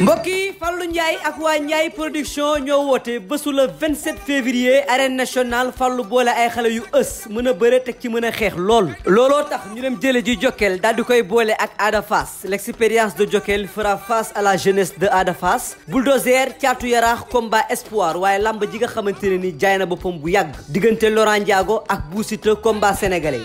mbokk yi Fallou Ndiaye ak waa Ndiaye production ñoo woote bésu le 27 février arène nationale Fallou boole ay xale yu ës mën a bëre teg ci mën a xeex lool. looloo tax ñu dem jële ji Jokal daal di koy boole ak Ada l'expérience de Jokal fera face à la jeunesse de adafas Fass. bulldozer caatu yaraax combat espoir waaye lamb ji nga xamante ne ni jaay na boppam bu yàgg diggante Laurent Ndiago ak Bou Siteu combat sénégalais.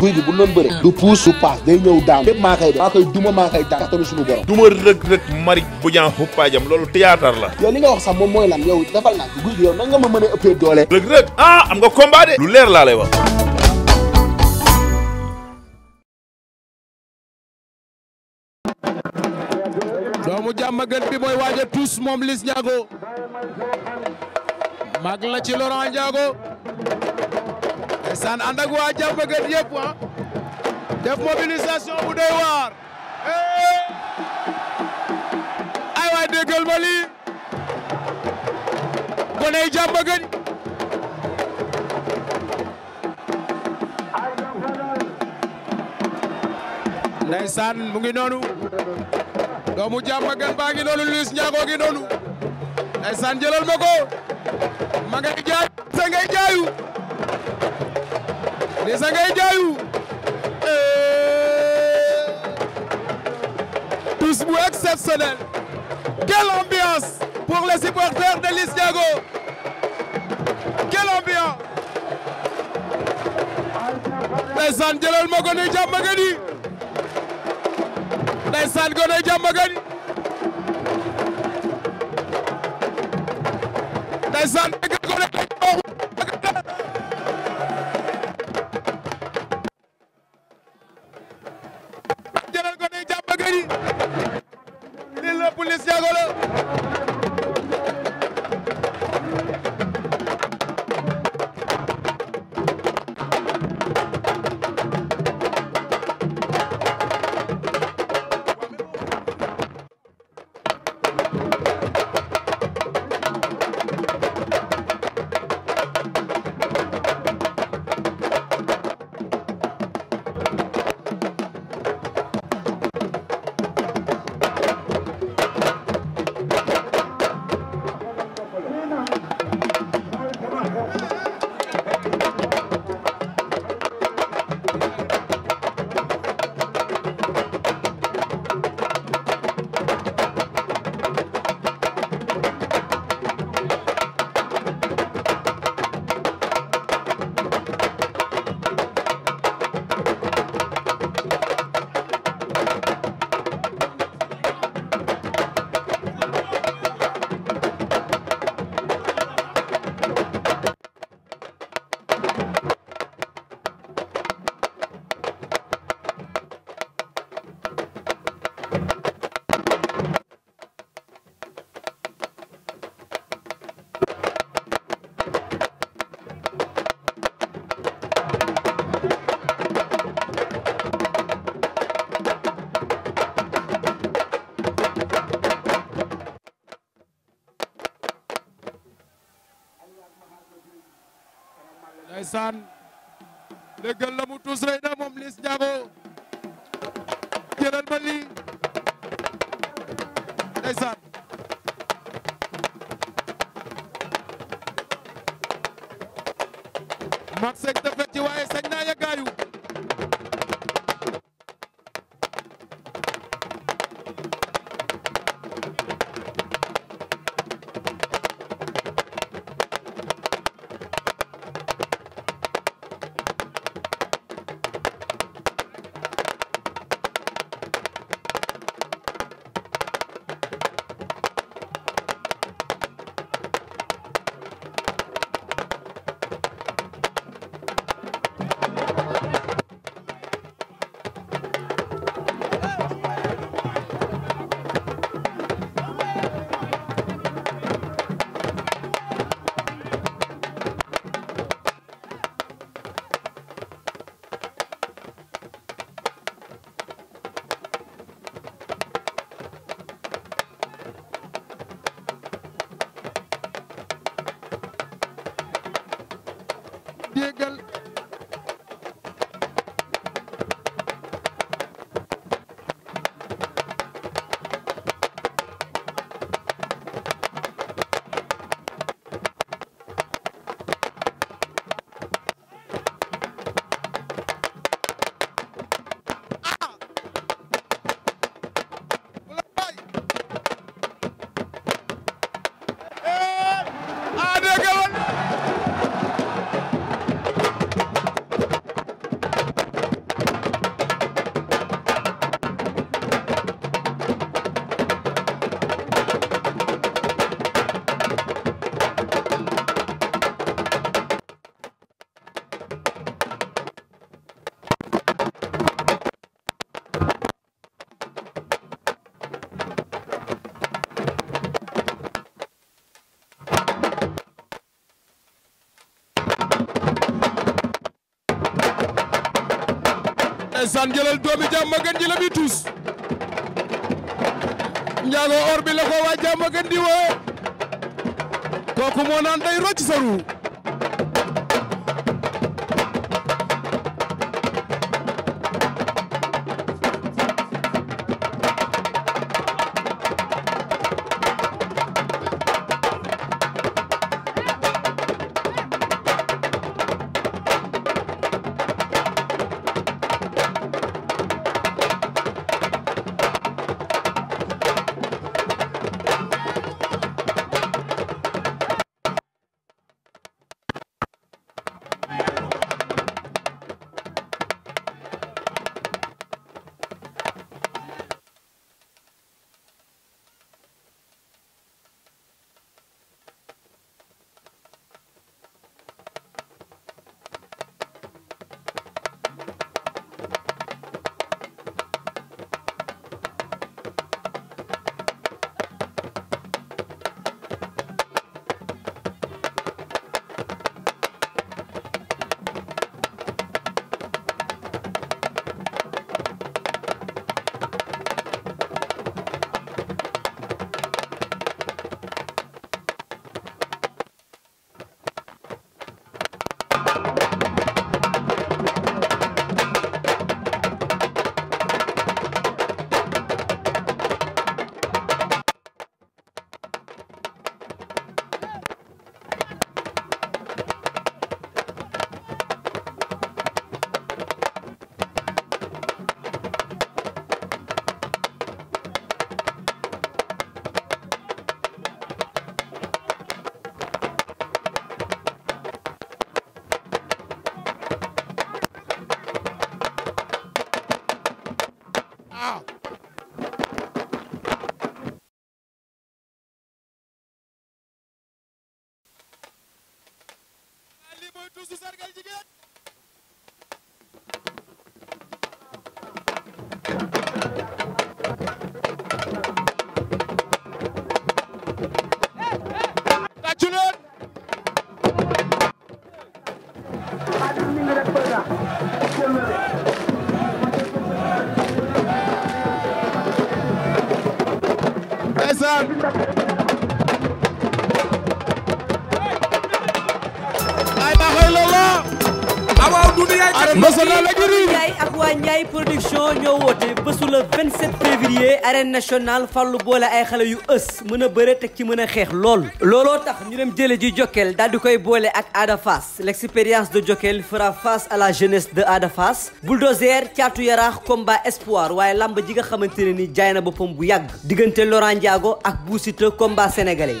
guy gi bu doon bëre du puus du paas day ñëw daan lépp maa koy def maa koy duma maa koy daan kattanu suñu borom duma rëg rëg mari bu ñaa xuppaajam loolu théâtre la yow li nga wax sax moom mooy lan yow dafal naa guy gi yow nan nga ma mën a doole rëg rëg ah am nga combat de lu leer laa lay wax doomu jàmm gën bi mooy waaja tous moom Liss Ndiago mag la ci Laurent Ndiago ndeysaan ànd ak waa jàmbagat yëpp ah. def mobilisation bu doy waar ay waay déggal ma lii goney jàmbagat ndeysaan mu ngi noonu doomu jàmbagat baa ngi noonu Liss Ndiago ngi noonu ndeysaan jëlal ma ko ma ngay jaay sa jaayu Liza ngay jaayu eh. tous bu exceptionnel quelle ambiance pour les supporters de Liss Ndiago quelle ambiance ndeysaan jëlal ma gone jàmmagën yi ndeysaan gone jàmmagën ndeysaan dëgg gone police jéego la ndeysaan déggal la mu tuus rey na moom Liss Ndiago jëlal ma lii seeg te fecc waaye sañ naa yàggaayu ndeysaan jëlal doomi Jàmmagan ji la muy tuus njaago or bi la ko waa Jàmmagan di moo naan day rocc sa waaw ah. Sénégal Ndiaye ak waa Ndiaye production ñoo woote bésu le 27 février arène nationale fallu boole ay xale yu ës mën a bëre teg ci mën a xeex lool looloo tax ñu dem jële ji Jokkel daal di koy boole ak Ada Fass l'expérience de Jokkel fera face à la jeunesse de Ada Fass bulldozer caatu yaraax combat espoir waaye làmb ji nga xamante ne ni jaay na boppam bu yàgg diggante Laurent Ndiago ak Bou Siteu combat yi